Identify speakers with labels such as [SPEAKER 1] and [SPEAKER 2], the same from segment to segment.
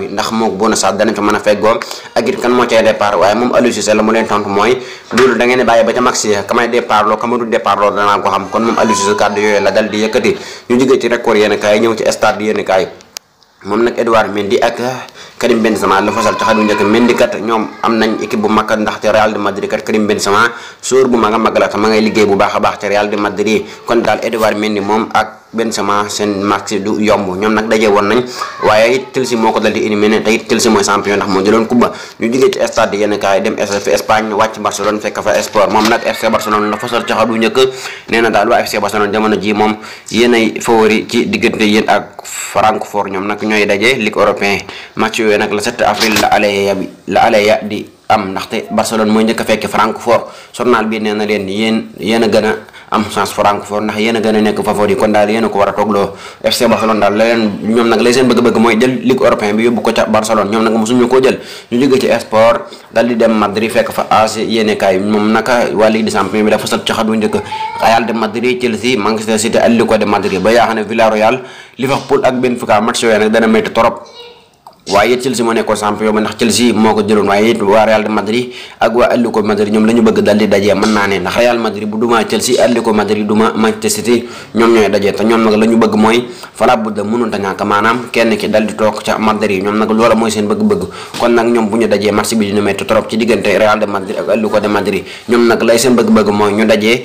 [SPEAKER 1] bi ndax mook bona sax danañ fa mën a feggoom ak it kan moo cay départ waaye moom Aliou Cissé la mu leen tontu mooy loolu da ngeen di bàyyi ba ca maxi kamay départ loo kama du départ loo danaa ko xam kon moom Aliou Cissé kàddu yooyu la dal di yëkkati ñu jógee ci record yenn kaay ñëw ci stade yenn kaay moom nag Edouard Mendy ak Karim Benzema la fasal ci bu mag a mag la te ngay liggéey bu baax a baax ca Real de Madrid kon daal Edouard Mendy moom ak Benzema seen match du yomb ñoom nag daje woon nañ waaye it Chelsea moo ko dal di éliminé te it Chelsea mooy champion ndax moo jëloon coupe ba ñu jógee ci stade yenn kaay dem FC Espagne wàcc Barcelone fekk fa sport moom ñoom nag ñooy daje Ligue européen match yooyu nag le 7 avril la aleya bi di am ndaxte Barcelone mooy njëkk a Francfort journal bi nee leen yéen yéen am chance francophone ndax yéen a gën a nekk favori kon daal yéen a ko war a toogloo daal leen ñoom nag lay seen bëgg-bëgg mooy jël ligue européen bi yóbbu ko ca Barcelone ñoom nag mosuñu koo jël ñu jóge ci sport daal dem Madrid fekk fa AC yéene moom naka waa ligue des champions bi dafa sat ci xadu njëkk Real de Madrid Chelsea Manchester City Atlético de Madrid ba yaa xam ne Villarreal Liverpool ak Benfica match yooyu nag dana métti trop waaye Chelsea moo nekkoon champion ba ndax Chelsea moo ko jëloon waaye it waa Real Madrid ak waa Atlético Madrid ñoom la ñu bëgg dal di dajee mën naa ne ndax Real Madrid bu dumaa Chelsea Atlético Madrid duma Manchester ñoom ñooy dajee te ñoom nag la ñu bëgg mooy fala bu da mënunta ñàkk maanaam kenn ki dal di toog ca Madrid ñoom nag loola mooy seen bëgg-bëgg kon nag ñoom bu ñu dajee match bi dina métti trop ci diggante Real de Madrid ak Atlético de Madrid ñoom nag lay seen mooy ñu dajee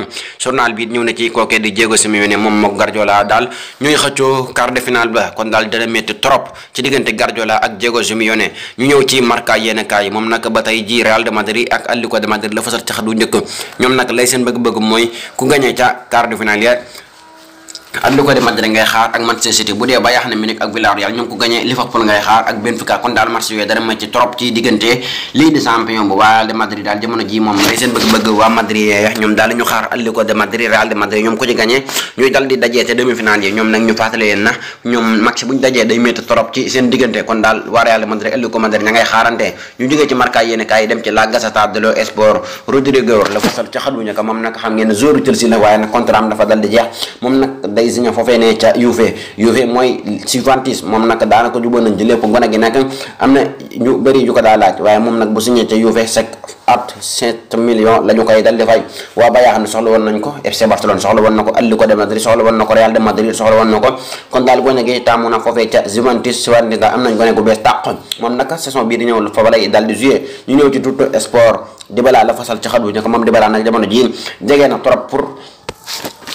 [SPEAKER 1] am journal bi ñëw na ci kookee di Diego Simeone moom mook Guardiola daal ñuy xëccoo quart de finale ba kon daal dana métti trop ci diggante Guardiola ak Diego Simeone ñu ñëw ci Marca yéen kaay moom nag ba tey ji Real de Madrid ak Atlético de Madrid la fasal ci xadu njëkk ñoom nag lay seen bëgg-bëgg mooy ku gagné ca quart de finale ya Atletico de Madrid ngay xaar ak Manchester City bu dee Bayern ne Munich ak ak Benfica kon ngay xaarante ñu jógee ci Marca yéen kaay dem ci La Gazzetta dello Sport Rodrigo la fasal ca xaduña ka moom nag xam ngeen joueur Chelsea waaye nag contrat dafa dal di moom nag day signé foofee ne ca Juve Juve mooy Juventus moom nag daanaka jubóo nañ ci lépp gone ca Juve moom nag saison bii di ñëw ci tout sport Dybala la fasal ci xat bu moom Dybala nag jamono jii jege na trop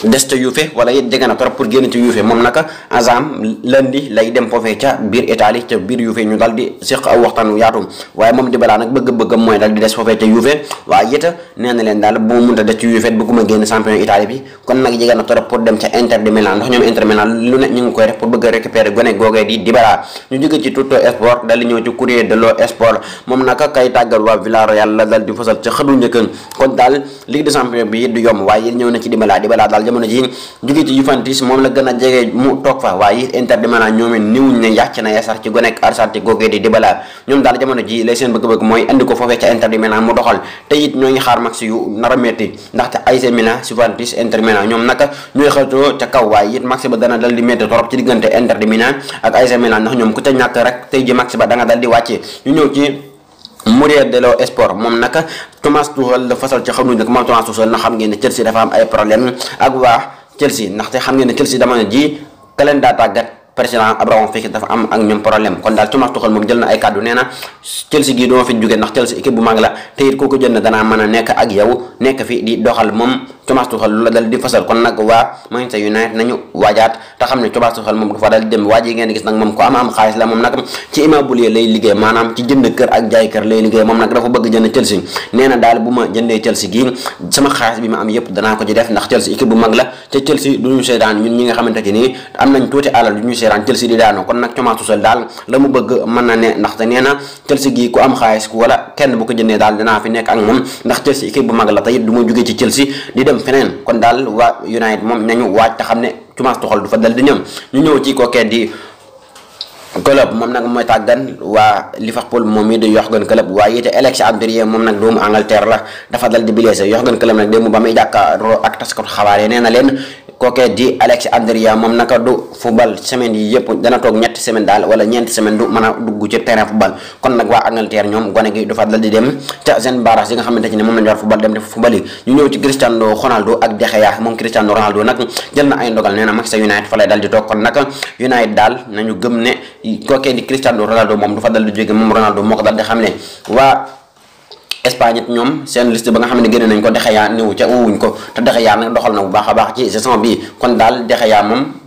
[SPEAKER 1] des ca yuufe wala it jege na trop pour génn ci yuufe moom naka azam lundi lay dem foofee ca biir Italie ca biir yuufe ñu dal di séq aw waxtaan yaatu waaye moom di balaa nag bëgg-bëggam mooy dal di des foofee ca yuufe waaye it nee leen daal bu mu mënta des ci yuufe bëgguma génn champion Italie bi kon nag jege na trop pour dem ca Inter de Milan ndax ñoom Inter Milan lu ne ñu ngi koy def pour bëgg a récupérer gone googee di di balaa ñu jóge ci jamono ji jóge ci moom la gën a jege mu toog fa waaye it Inter ñoom it niwuñ ne yàcc na yasar ci gonek Arsati googee di Dybala ñoom daal jamono ji lay seen bëgg-bëgg mooy andi ko foofee ca Inter mu doxal te it ñoo ngi xaar max yu nar a metti ndaxte AC Milan Juventus Inter Milan ñoom naka ñooy xëccoo ca kaw waaye it max ba dana dal metti torop ci diggante Inter ak AC Milan ndax ñoom ku ca ñàkk rek tey ji max ba da nga wàcce Mourir Delo Sport moom nag Thomas Tuchel la fasal ci xam na xam ngeen ne Chelsea dafa am ay problème ak waa Chelsea ndaxte xam ngeen ne Chelsea dama ne ji ka leen daa tàggat président Abramovich dafa am ak ñoom problème kon daal Thomas Tuchel moom jël na ay kàddu nee na Chelsea gii doo fi jóge ndax Chelsea équipe bu la te it kooku jël na danaa man a nekk ak yow nekk fi di doxal moom. Thomas Tuchel lu la dal di fasal kon nag waa Manchester United nañu waajaat te xam ne Thomas Tuchel moom dafa dal di dem waaj yi ngeen gis nag moom ko am am la moom nag ci immobilier lay daal la mu bëgg mën na ne ndaxte nee na Chelsea gii ku am xaalis ku wala kenn bu ko jëndee daal danaa fi nekk ak moom ndax Chelsea équipe bu mag la tey du ma jógee ci Chelsea di dem feneen kon daal waa United moom nañu waaj te xam ne Thomas Tuchel du fa dal di ñëw ñu ñëw ci kookee di club moom nag mooy tàggan waa Liverpool moom mii di Jürgen Klopp waaye it Alex Abdirie moom nag doomu Angleterre la dafa dal di blessé Jürgen Klopp nag démb ba muy jàkkaarloo ak taskatu xabaar yi nee na leen kookee di Alex Andria moom naka du football semaine yi yëpp dana toog ñetti semaine daal wala ñeenti semaine du mën a dugg ci terrain football kon nag waa Angleterre ñoom gone gi dafa dal di dem ca seen barrage yi nga xamante ne moom la ñu war football dem def football yi ñu ñëw ci Cristiano Ronaldo ak moom Cristiano na ay ndogal nee na Manchester United fa lay dal di toog kon nag United daal nañu gëm ne kookee di Cristiano Ronaldo moom du fa dal di jóge moom Ronaldo moo ko dal di xam ne waa Espagne it ñoom seen liste ba nga xam ne génne nañ ko Dexe yaa néew ca wuñ ko te Dexe yaa nag doxal na bu baax a baax ci saison bi kon daal Dexe yaa moom.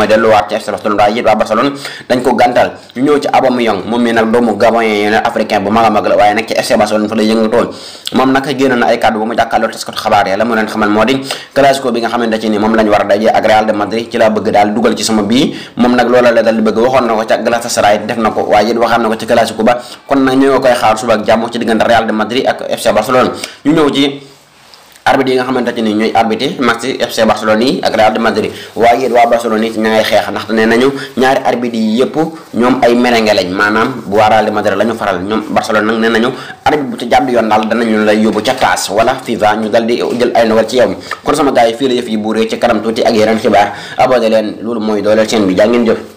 [SPEAKER 1] mooy delluwaat ci FC Barcelone waaye it waa Barcelone dañ ko gàntal ñu ñëw ci Aubameyang moom mi nag doomu Gabon yi africain bu mag la waaye nag ci FC Barcelone fa lay war a dajee ak Real de Madrid ci laa bëgg daal dugal ci sama bii moom nag loola la dal di bëgg waxoon na ko ca Galatasaray def na ko waaye it waxaat na ko ci clasico ba kon nag ñu koy xaar suba jàmm ci diggante Real de Madrid ak FC Barcelone ñu ñëw ci arbitre yi nga xamante ne ñooy arbitre match FC Barcelone yi ak Real de Madrid waaye it waa Barcelone yi ña ngay xeex ndaxte ne nañu ñaari arbitre yi yëpp ñoom ay merengue maanaam bu waa Real de Madrid la faral ñoom Barcelone nag ne nañu arbitre bu ci jàdd yoon daal danañu lay yóbbu ca taas wala FIFA ñu dal jël ay ndogal ci yow kon sama gars yi fii la yëf yi buuree ci kanam tuuti ak yeneen xibaar abonné leen loolu mooy dooleel chaîne bi jaa